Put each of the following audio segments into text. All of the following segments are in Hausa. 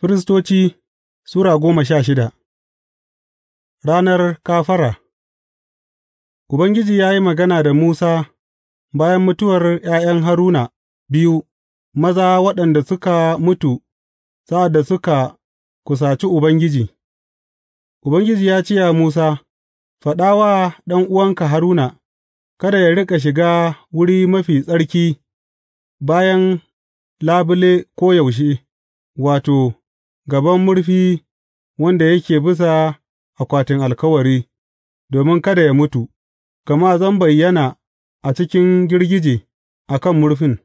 Firistoci Sura goma sha shida Ranar Kafara Ubangiji ya yi magana da Musa bayan mutuwar ’ya'yan Haruna biyu maza waɗanda suka mutu sa'ad da suka kusaci Ubangiji, Ubangiji ya ce wa Musa, Faɗa wa ɗan'uwanka Haruna, kada ya riƙa shiga wuri mafi tsarki bayan labule koyaushe, wato, gaban murfi wanda yake bisa akwatin alkawari, domin kada yă mutu, gama zan bayyana a cikin girgije a kan murfin,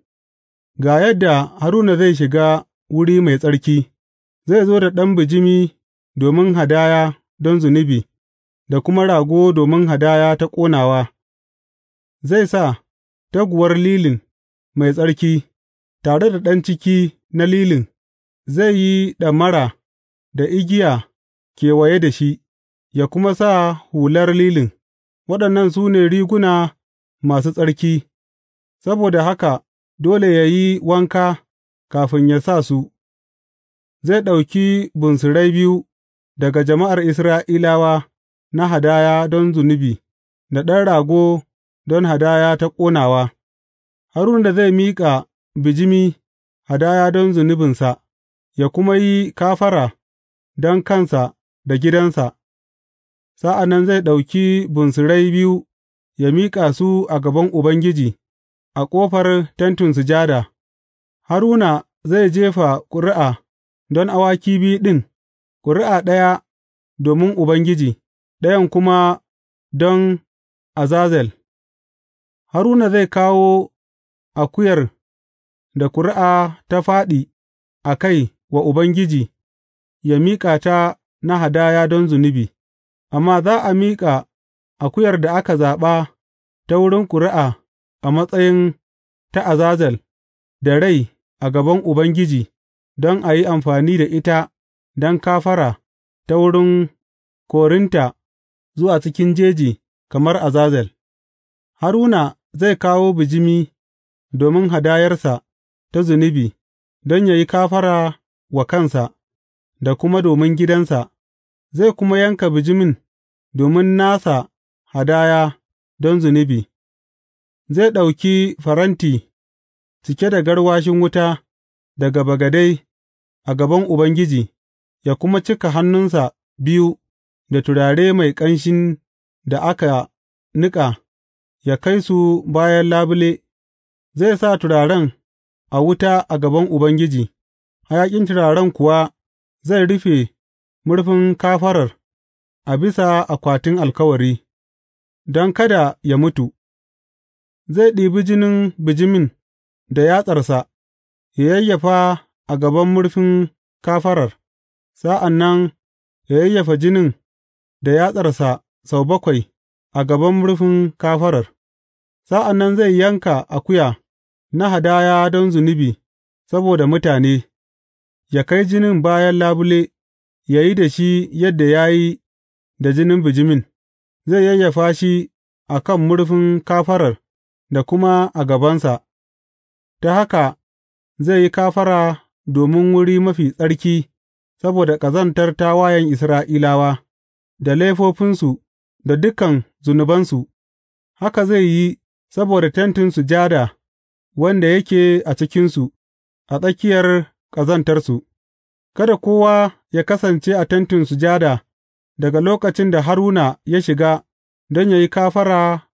ga yadda Haruna zai shiga wuri mai tsarki, zai zo da ɗan bijimi domin hadaya don zunubi, da kuma rago domin hadaya ta ƙonawa, zai sa taguwar lilin mai tsarki, tare da ɗan ciki na lilin Zai yi ɗamara da igiya kewaye da shi, ya kuma sa hular lilin, waɗannan su ne riguna masu tsarki, saboda haka dole yă yi wanka kafin ya sa su, zai ɗauki bunsurai biyu daga jama'ar Isra'ilawa na hadaya don zunubi da ɗan rago don hadaya ta ƙonawa, Haruna zai miƙa bijimi hadaya don zunubinsa. yă kuma yi kafara don kansa da gidansa, sa'an nan zai ɗauki bunsurai biyu yă miƙa su a gaban Ubangiji a ƙofar Tentin Sujada, Haruna zai jefa ƙuri'a don awaki biyu ɗin, ƙuri'a ɗaya domin Ubangiji, ɗayan kuma don Azazel, Haruna zai kawo akuyar da ƙuri'a ta fāɗi a kai wa Ubangiji, yă miƙa ta na hadaya don zunubi, amma za a miƙa akuyar da aka zaɓa ta wurin ƙuri'a a matsayin ta azazel da rai a gaban Ubangiji don a yi amfani da ita don kafara ta wurin korinta zuwa cikin jeji kamar azazel. Haruna zai kawo bijimi domin hadayarsa ta zunubi don yă yi kafara wa kansa da kuma domin gidansa, zai kuma yanka bijimin domin nasa hadaya don zunubi, zai ɗauki faranti cike da garwashin wuta daga bagade a gaban Ubangiji, ya kuma cika hannunsa biyu da turare mai ƙanshin da aka niƙa, ya kai su bayan labule, zai sa turaren a wuta a gaban Ubangiji. hayaƙin turaren kuwa zai rufe murfin kafarar a bisa akwatin alkawari, don kada ya mutu, zai ɗibi jinin bijimin da yatsarsa ya yayyafa a gaban murfin kafarar, sa'an nan yă yayyafa jinin da yatsarsa sau bakwai a gaban murfin kafarar, sa'an nan zai yanka akuya na hadaya don zunubi saboda mutane. ya kai jinin bayan labule, ya yi da shi yadda ya yi da jinin bijimin, zai yayyafa shi a kan murfin kafarar da kuma a gabansa, ta haka zai yi kafara domin wuri mafi tsarki saboda ƙazantar tawayen Isra'ilawa, da laifofinsu da dukan zunubansu, haka zai yi saboda Tentin Sujada wanda yake a cikinsu, a tsakiyar ƙazantarsu, kada kowa ya kasance a Tentin Sujada daga lokacin da Haruna ya shiga don yă yi kafara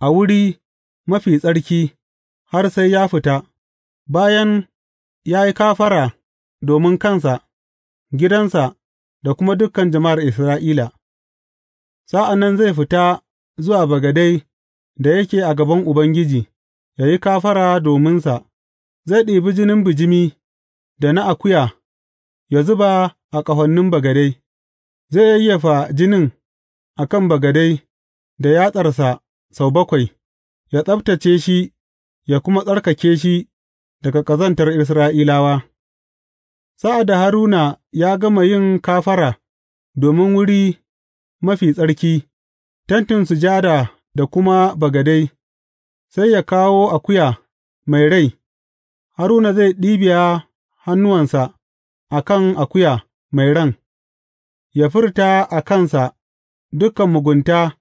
a wuri mafi tsarki har sai ya fita, bayan ya yi kafara domin kansa, gidansa da kuma dukan jama'ar Isra'ila, sa'an nan zai fita zuwa bagadai da yake a gaban Ubangiji, ya yi kafara dominsa, zai ɗibi jinin bijimi da na akuya ya zuba a ƙahonin bagade, zai yayyafa jinin a kan bagade da yatsarsa sau bakwai, ya tsabtacce shi ya kuma tsarkake shi daga ƙazantar Isra'ilawa. Sa'ad da Haruna ya gama yin kafara domin wuri mafi tsarki, Tentin Sujada da kuma bagade, sai ya kawo akuya mai rai, Haruna zai ɗibiya hannuwansa a kan akuya mai ran, ya furta a kansa dukan mugunta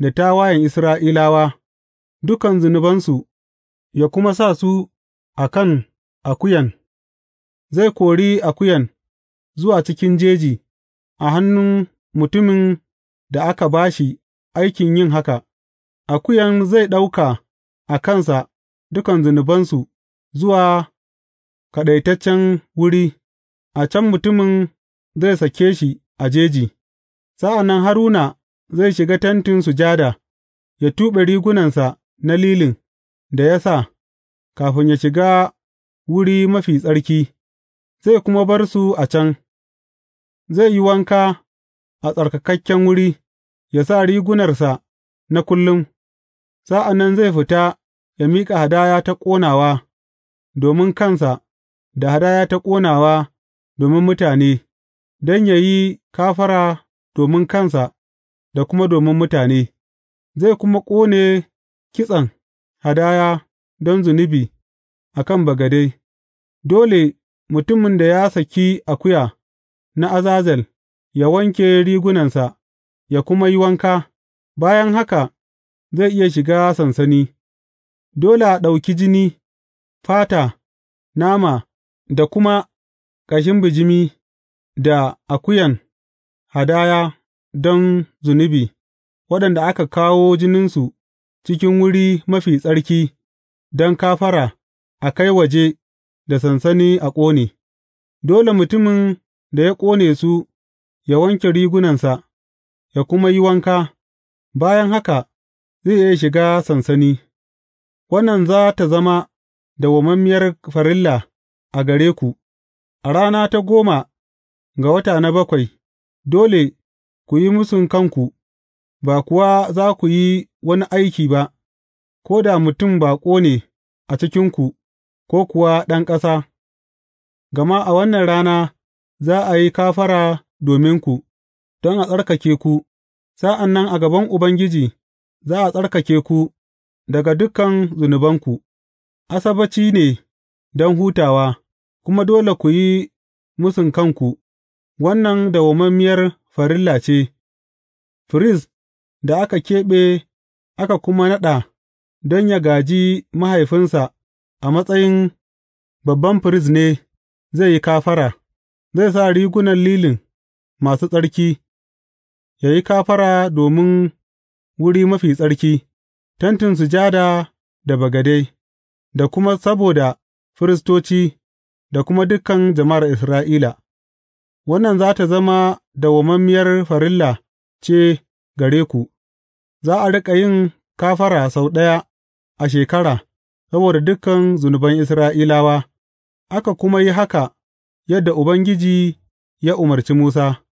da tawayen Isra'ilawa, dukan zunubansu, ya kuma sa su a kan akuyan, zai kori akuyan zuwa cikin jeji a hannun mutumin da aka ba shi aikin yin haka, akuyan zai ɗauka a kansa dukan zunubansu zuwa kaɗaitaccen wuri, a can mutumin zai sake shi a jeji, sa'an nan Haruna zai shiga Tentin Sujada, ya tuɓe rigunansa na lilin da ya sa, kafin ya shiga wuri mafi tsarki, zai kuma bar su a can, zai yi wanka a tsarkakakken wuri, ya sa rigunarsa na kullum, sa'an nan zai fita ya miƙa hadaya ta ƙonawa domin kansa da hadaya ta ƙonawa domin mutane, don yă yi kafara domin kansa da kuma domin mutane, zai kuma ƙone kitsen hadaya don zunubi a kan bagade, dole mutumin da ya saki akuya na azazel ya wanke rigunansa, ya kuma yi wanka, bayan haka zai iya shiga sansani, dole a ɗauki jini, fata, nama da kuma ƙashin bijimi da akuyan hadaya don zunubi waɗanda aka kawo jininsu cikin Wuri Mafi Tsarki don kafara a kai waje da sansani a ƙone, dole mutumin da ya ƙone su ya wanke rigunansa, ya kuma yi wanka, bayan haka zai iya shiga sansani, wannan za ta zama dawwammamiyar farilla a gare ku, a rana ta goma ga wata na bakwai, dole ku yi mūsun kanku, ba kuwa za ku yi wani aiki ba, ko da mutum baƙo ne a cikinku, ko kuwa ɗan ƙasa, gama a wannan rana za a yi kafara dominku, don a tsarkake ku, sa'an nan a gaban Ubangiji za a tsarkake ku daga dukan zunubanku, Asabbaci ne. don hutawa, kuma dole ku yi mūsun kanku, wannan dawwammamiyar farilla ce, firist da aka keɓe aka kuma naɗa don yă gaji mahaifinsa a matsayin babban firist ne zai yi kafara, zai sa rigunan lilin masu tsarki, ya yi kafara domin wuri mafi tsarki, Tentin Sujada da bagade, da kuma saboda firistoci, da kuma dukan jama'ar Isra'ila, wannan za tă zama dawwammamiyar farilla ce gare ku, za a riƙa yin kafara sau ɗaya a shekara saboda dukan zunuban Isra'ilawa, aka kuma yi haka yadda Ubangiji ya umarci Musa.